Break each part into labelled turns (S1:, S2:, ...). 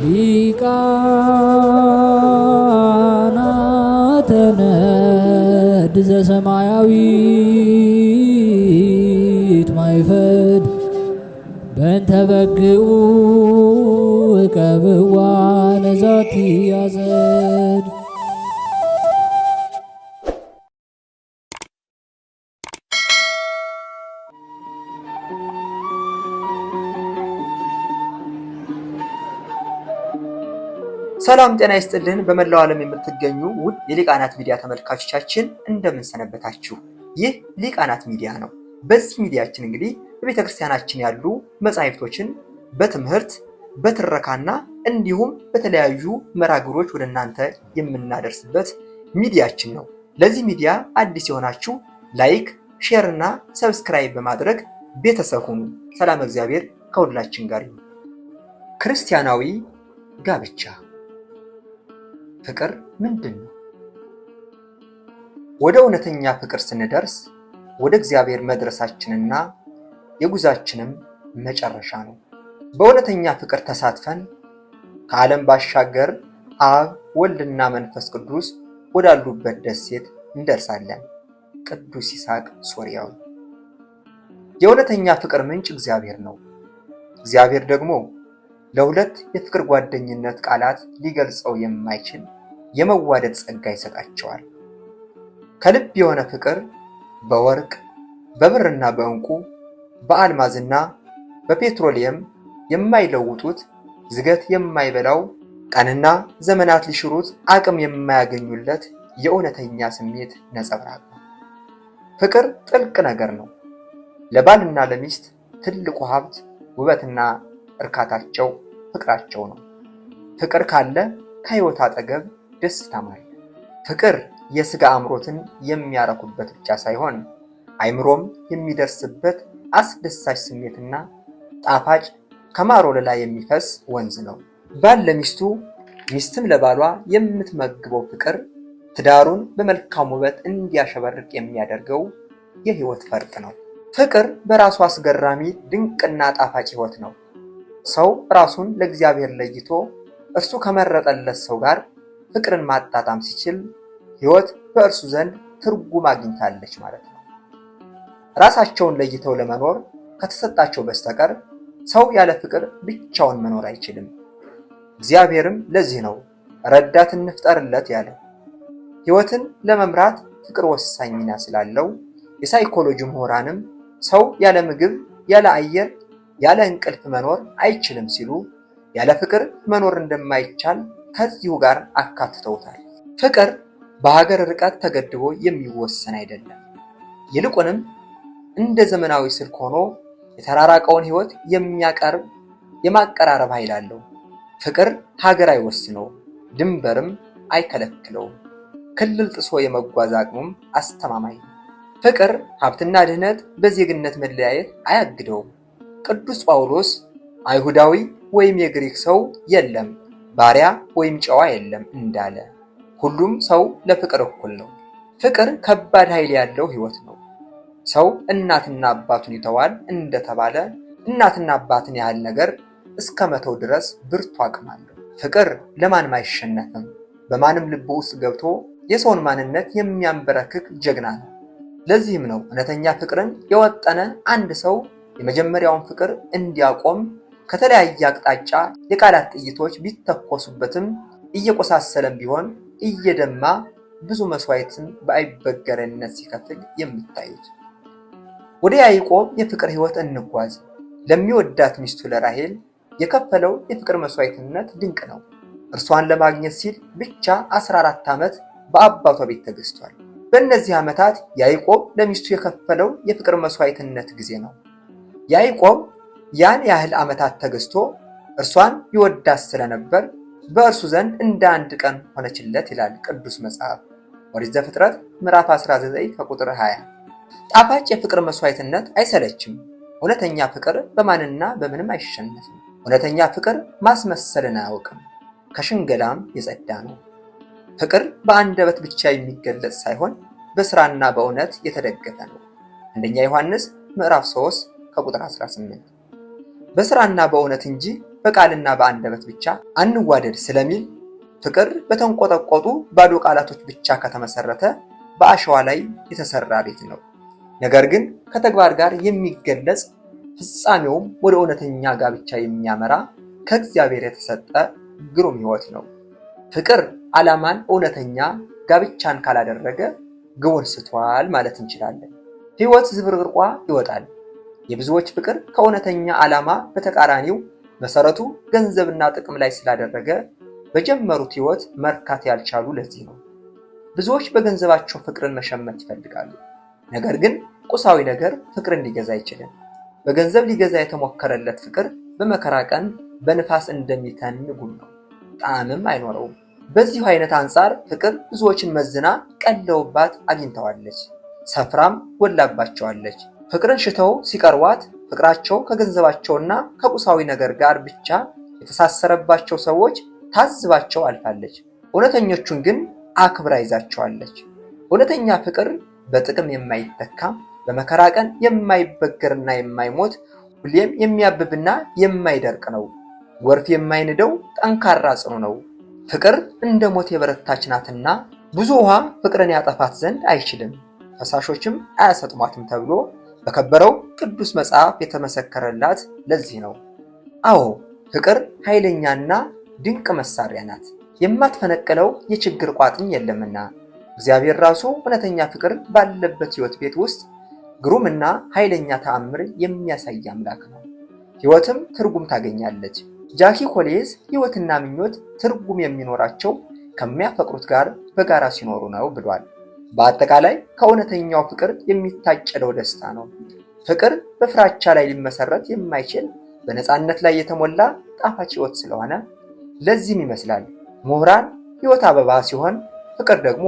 S1: ሊቃናተ ነድ ዘሰማያዊት ማይፈድ በእንተ በግዑ እቀብዋ ነዛቲ ያዘ
S2: ሰላም ጤና ይስጥልን። በመላው ዓለም የምትገኙ ውድ የሊቃናት ሚዲያ ተመልካቾቻችን እንደምንሰነበታችሁ። ይህ ሊቃናት ሚዲያ ነው። በዚህ ሚዲያችን እንግዲህ በቤተ ክርስቲያናችን ያሉ መጻሕፍቶችን በትምህርት በትረካና እንዲሁም በተለያዩ መራግሮች ወደ እናንተ የምናደርስበት ሚዲያችን ነው። ለዚህ ሚዲያ አዲስ የሆናችሁ ላይክ፣ ሼር እና ሰብስክራይብ በማድረግ ቤተሰብ ሁኑ። ሰላም እግዚአብሔር ከሁላችን ጋር ይሁን። ክርስቲያናዊ ጋብቻ ፍቅር ምንድን ነው? ወደ እውነተኛ ፍቅር ስንደርስ ወደ እግዚአብሔር መድረሳችንና የጉዛችንም መጨረሻ ነው። በእውነተኛ ፍቅር ተሳትፈን ከዓለም ባሻገር አብ ወልድና መንፈስ ቅዱስ ወዳሉበት ደሴት እንደርሳለን። ቅዱስ ይስሐቅ ሶርያዊ። የእውነተኛ ፍቅር ምንጭ እግዚአብሔር ነው። እግዚአብሔር ደግሞ ለሁለት የፍቅር ጓደኝነት ቃላት ሊገልጸው የማይችል የመዋደድ ጸጋ ይሰጣቸዋል። ከልብ የሆነ ፍቅር በወርቅ በብርና በዕንቁ በአልማዝና በፔትሮሊየም የማይለውጡት ዝገት የማይበላው ቀንና ዘመናት ሊሽሩት አቅም የማያገኙለት የእውነተኛ ስሜት ነጸብራቅ ነው። ፍቅር ጥልቅ ነገር ነው። ለባልና ለሚስት ትልቁ ሀብት ውበትና እርካታቸው ፍቅራቸው ነው። ፍቅር ካለ ከህይወት አጠገብ ደስታ አለ። ፍቅር የሥጋ አእምሮትን የሚያረኩበት ብቻ ሳይሆን አይምሮም የሚደርስበት አስደሳች ስሜትና ጣፋጭ ከማሮ ለላይ የሚፈስ ወንዝ ነው። ባል ለሚስቱ ሚስትም ለባሏ የምትመግበው ፍቅር ትዳሩን በመልካም ውበት እንዲያሸበርቅ የሚያደርገው የህይወት ፈርጥ ነው። ፍቅር በራሱ አስገራሚ ድንቅና ጣፋጭ ህይወት ነው። ሰው ራሱን ለእግዚአብሔር ለይቶ እርሱ ከመረጠለት ሰው ጋር ፍቅርን ማጣጣም ሲችል ሕይወት በእርሱ ዘንድ ትርጉም አግኝታለች ማለት ነው። ራሳቸውን ለይተው ለመኖር ከተሰጣቸው በስተቀር ሰው ያለ ፍቅር ብቻውን መኖር አይችልም። እግዚአብሔርም ለዚህ ነው ረዳት እንፍጠርለት ያለው። ሕይወትን ለመምራት ፍቅር ወሳኝ ሚና ስላለው የሳይኮሎጂ ምሁራንም ሰው ያለ ምግብ፣ ያለ አየር፣ ያለ እንቅልፍ መኖር አይችልም ሲሉ ያለ ፍቅር መኖር እንደማይቻል ከዚሁ ጋር አካትተውታል። ፍቅር በሀገር ርቀት ተገድቦ የሚወሰን አይደለም። ይልቁንም እንደ ዘመናዊ ስልክ ሆኖ የተራራቀውን ሕይወት የሚያቀርብ የማቀራረብ ኃይል አለው። ፍቅር ሀገር አይወስነው ድንበርም አይከለክለውም። ክልል ጥሶ የመጓዝ አቅሙም አስተማማኝ ነው። ፍቅር ሀብትና ድህነት በዜግነት መለያየት አያግደውም። ቅዱስ ጳውሎስ አይሁዳዊ ወይም የግሪክ ሰው የለም፣ ባሪያ ወይም ጨዋ የለም እንዳለ ሁሉም ሰው ለፍቅር እኩል ነው። ፍቅር ከባድ ኃይል ያለው ሕይወት ነው። ሰው እናትና አባቱን ይተዋል እንደተባለ እናትና አባትን ያህል ነገር እስከ መተው ድረስ ብርቱ አቅም አለው። ፍቅር ለማንም አይሸነፍም። በማንም ልብ ውስጥ ገብቶ የሰውን ማንነት የሚያንበረክክ ጀግና ነው። ለዚህም ነው እውነተኛ ፍቅርን የወጠነ አንድ ሰው የመጀመሪያውን ፍቅር እንዲያቆም ከተለያየ አቅጣጫ የቃላት ጥይቶች ቢተኮሱበትም እየቆሳሰለም ቢሆን እየደማ ብዙ መስዋዕትን በአይበገረነት ሲከፍል የምታዩት። ወደ ያዕቆብ የፍቅር ሕይወት እንጓዝ። ለሚወዳት ሚስቱ ለራሄል የከፈለው የፍቅር መስዋዕትነት ድንቅ ነው። እርሷን ለማግኘት ሲል ብቻ 14 ዓመት በአባቷ ቤት ተገዝቷል። በእነዚህ ዓመታት ያዕቆብ ለሚስቱ የከፈለው የፍቅር መስዋዕትነት ጊዜ ነው። ያዕቆብ ያን ያህል ዓመታት ተገዝቶ እርሷን ይወዳት ስለነበር በእርሱ ዘንድ እንደ አንድ ቀን ሆነችለት ይላል ቅዱስ መጽሐፍ ኦሪት ዘፍጥረት ምዕራፍ 19 ከቁጥር 20። ጣፋጭ የፍቅር መስዋዕትነት አይሰለችም። እውነተኛ ፍቅር በማንና በምንም አይሸነፍም። እውነተኛ ፍቅር ማስመሰልን አያውቅም፣ ከሽንገላም የጸዳ ነው። ፍቅር በአንደበት ብቻ የሚገለጽ ሳይሆን በስራና በእውነት የተደገፈ ነው። አንደኛ ዮሐንስ ምዕራፍ 3 ከቁጥር 18 በስራና በእውነት እንጂ በቃልና በአንደበት ብቻ አንዋደድ ስለሚል ፍቅር በተንቆጠቆጡ ባዶ ቃላቶች ብቻ ከተመሰረተ በአሸዋ ላይ የተሰራ ቤት ነው። ነገር ግን ከተግባር ጋር የሚገለጽ ፍጻሜውም ወደ እውነተኛ ጋብቻ የሚያመራ ከእግዚአብሔር የተሰጠ ግሩም ሕይወት ነው። ፍቅር ዓላማን እውነተኛ ጋብቻን ካላደረገ ግቡን ስቷል ማለት እንችላለን። ሕይወት ዝብርቅርቋ ይወጣል። የብዙዎች ፍቅር ከእውነተኛ ዓላማ በተቃራኒው መሰረቱ ገንዘብና ጥቅም ላይ ስላደረገ በጀመሩት ሕይወት መርካት ያልቻሉ ለዚህ ነው። ብዙዎች በገንዘባቸው ፍቅርን መሸመት ይፈልጋሉ። ነገር ግን ቁሳዊ ነገር ፍቅርን ሊገዛ አይችልም። በገንዘብ ሊገዛ የተሞከረለት ፍቅር በመከራ ቀን በንፋስ እንደሚተን ጉም ነው፣ ጣዕምም አይኖረውም። በዚሁ አይነት አንጻር ፍቅር ብዙዎችን መዝና ቀለውባት አግኝተዋለች፣ ሰፍራም ወላባቸዋለች። ፍቅርን ሽተው ሲቀርቧት ፍቅራቸው ከገንዘባቸውና ከቁሳዊ ነገር ጋር ብቻ የተሳሰረባቸው ሰዎች ታዝባቸው አልፋለች። እውነተኞቹን ግን አክብራ ይዛቸዋለች። እውነተኛ ፍቅር በጥቅም የማይተካ በመከራ ቀን የማይበገርና የማይሞት ሁሌም የሚያብብና የማይደርቅ ነው። ጎርፍ የማይንደው ጠንካራ ጽኑ ነው። ፍቅር እንደ ሞት የበረታች ናትና ብዙ ውሃ ፍቅርን ያጠፋት ዘንድ አይችልም፣ ፈሳሾችም አያሰጥሟትም ተብሎ በከበረው ቅዱስ መጽሐፍ የተመሰከረላት ለዚህ ነው። አዎ ፍቅር ኃይለኛና ድንቅ መሳሪያ ናት። የማትፈነቅለው የችግር ቋጥኝ የለምና እግዚአብሔር ራሱ እውነተኛ ፍቅር ባለበት ሕይወት ቤት ውስጥ ግሩምና ኃይለኛ ተአምር የሚያሳይ አምላክ ነው። ሕይወትም ትርጉም ታገኛለች። ጃኪ ኮሌዝ ሕይወትና ምኞት ትርጉም የሚኖራቸው ከሚያፈቅሩት ጋር በጋራ ሲኖሩ ነው ብሏል። በአጠቃላይ ከእውነተኛው ፍቅር የሚታጨደው ደስታ ነው። ፍቅር በፍራቻ ላይ ሊመሰረት የማይችል በነፃነት ላይ የተሞላ ጣፋጭ ህይወት ስለሆነ ለዚህም ይመስላል ምሁራን ህይወት አበባ ሲሆን ፍቅር ደግሞ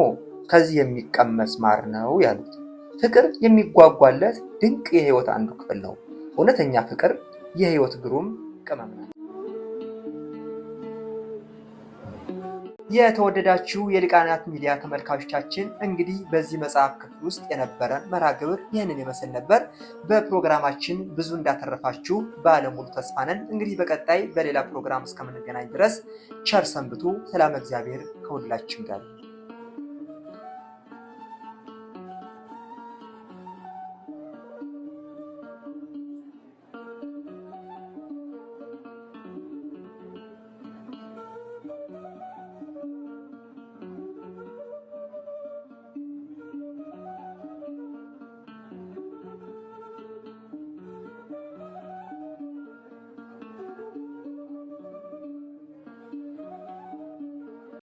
S2: ከዚህ የሚቀመስ ማር ነው ያሉት። ፍቅር የሚጓጓለት ድንቅ የህይወት አንዱ ክፍል ነው። እውነተኛ ፍቅር የህይወት ግሩም ቅመም ነው። የተወደዳችሁ የልቃናት ሚዲያ ተመልካቾቻችን እንግዲህ በዚህ መጽሐፍ ክፍል ውስጥ የነበረን መርሃ ግብር ይህንን ይመስል ነበር። በፕሮግራማችን ብዙ እንዳተረፋችሁ ባለሙሉ ተስፋ ነን። እንግዲህ በቀጣይ በሌላ ፕሮግራም እስከምንገናኝ ድረስ ቸር ሰንብቱ። ሰላም፣ እግዚአብሔር ከሁላችን ጋር